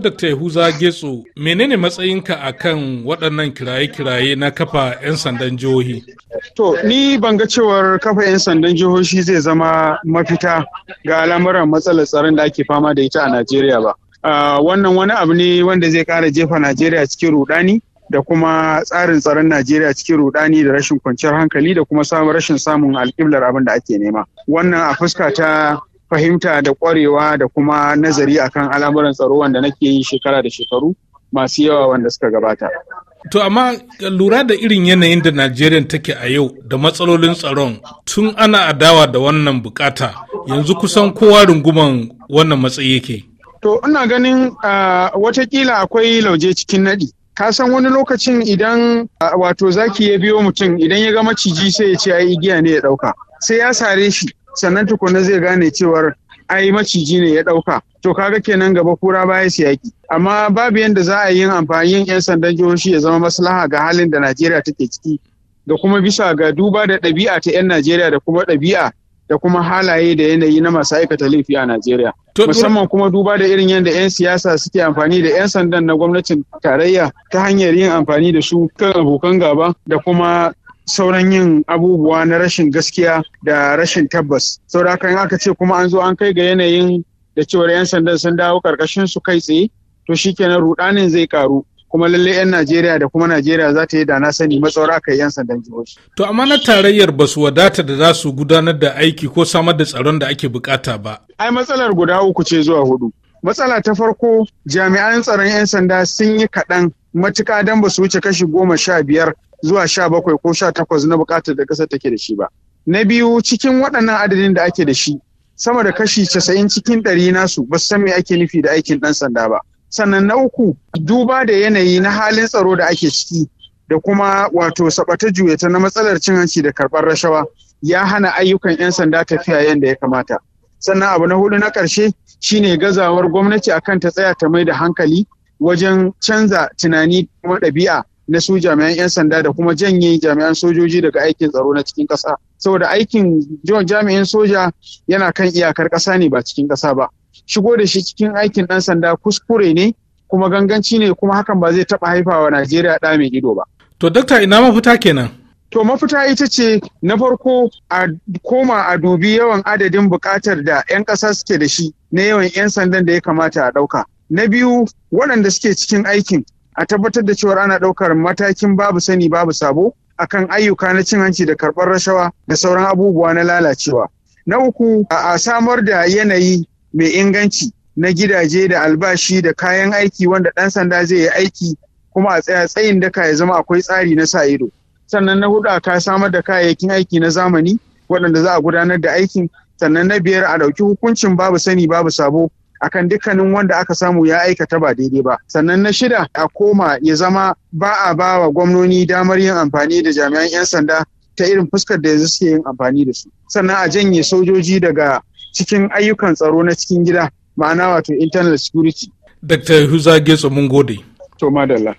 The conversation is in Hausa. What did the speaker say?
Dr. Yahuza Getso, menene matsayinka a kan waɗannan kiraye-kiraye na kafa 'yan sandan jihohi? To, ni ban ga cewar kafa 'yan sandan jihohi zai zama mafita ga al'amuran matsalar tsaron da ake fama da ita a Najeriya ba. Wannan wani abu ne wanda zai ƙara jefa Najeriya cikin rudani da kuma tsarin tsaron Najeriya cikin rudani da rashin kwanciyar hankali da kuma samun rashin samun alƙiblar abin da ake nema. Wannan a fuska ta fahimta da kwarewa da kuma nazari akan al'amuran tsaro wanda nake yi shekara da shekaru masu yawa wanda suka gabata. To amma lura da irin yanayin da Najeriya take a yau da matsalolin tsaron tun ana adawa da wannan bukata yanzu kusan kowa runguman wannan matsayi yake. To ina ganin watakila akwai lauje cikin nadi. Ka san wani lokacin idan wato zaki ya biyo mutum idan ya ga maciji sai ya ce ai igiya ne ya ɗauka. Sai ya sare shi sannan tukunna zai gane cewar ai maciji ne ya ɗauka to kaga kenan gaba kura baya su yaki amma babu yadda za a yi amfani yan sandan jihohi ya zama maslaha ga halin da najeriya take ciki da kuma bisa ga duba da ɗabi'a ta 'yan najeriya da kuma ɗabi'a da kuma halaye da yanayi na masu aikata laifi a najeriya musamman kuma duba da irin yadda 'yan siyasa suke amfani da 'yan sandan na gwamnatin tarayya ta hanyar yin amfani da su kan abokan gaba da kuma sauran yin abubuwa na rashin gaskiya da rashin tabbas Saura haka in aka ce kuma an zo an kai ga yanayin da cewar 'yan sandan sun dawo karkashin su kai tsaye to shi shikenan rudanin zai karu kuma lalle 'yan Najeriya da kuma Najeriya za ta yi dana sani matsawar aka yi 'yan sandan jihohi. To amma na tarayyar ba su wadata da za su gudanar da aiki ko samar da tsaron da ake bukata ba. Ai matsalar guda uku ce zuwa hudu. Matsala ta farko jami'an tsaron 'yan sanda sun yi kaɗan matuka don ba su wuce kashi goma sha biyar zuwa sha bakwai ko sha takwas na bukatar da ƙasar take da shi ba. Na biyu cikin waɗannan adadin da ake da shi sama da kashi casa'in cikin ɗari nasu ba su san me ake nufi da aikin ɗan sanda ba. Sannan na uku duba da yanayi na halin tsaro da ake ciki da kuma wato sabata juyata na matsalar cin hanci da karɓar rashawa ya hana ayyukan 'yan sanda tafiya yadda ya kamata. Sannan abu na hudu na ƙarshe shine gazawar gwamnati akan ta tsaya ta mai da hankali wajen canza tunani kuma ɗabi'a na su jami'an 'yan sanda da kuma janye jami'an sojoji daga aikin tsaro na cikin ƙasa saboda aikin jami'in soja yana kan iyakar ƙasa ne ba cikin ƙasa ba shigo da shi cikin aikin ɗan sanda kuskure ne kuma ganganci ne kuma hakan ba zai taɓa haifawa najeriya ɗa mai ido ba to dakta ina mafita kenan to mafita ita ce na farko a koma a dubi yawan adadin buƙatar da 'yan ƙasa suke da shi na yawan 'yan sandan da ya kamata a ɗauka na biyu waɗanda suke cikin aikin a tabbatar da cewar ana ɗaukar matakin babu sani babu sabo akan ayyuka na cin hanci da karɓar rashawa da sauran abubuwa na lalacewa. Na uku a samar da yanayi mai inganci na gidaje da albashi da kayan aiki wanda ɗan sanda zai yi aiki kuma a tsaya tsayin daka ya zama akwai tsari na sa ido. Sannan na hudu a ka samar da kayayyakin aiki na zamani waɗanda za a gudanar da aikin. Sannan na biyar a ɗauki hukuncin babu sani babu sabo akan dukkanin wanda aka samu ya aikata ba daidai ba sannan na shida a koma ya zama ba a ba wa gwamnoni damar yin amfani da jami'an 'yan sanda ta irin fuskar da yanzu suke yin amfani da su sannan a janye sojoji daga cikin ayyukan tsaro na cikin gida ma'ana wato internal security dr huza getso mun gode to madalla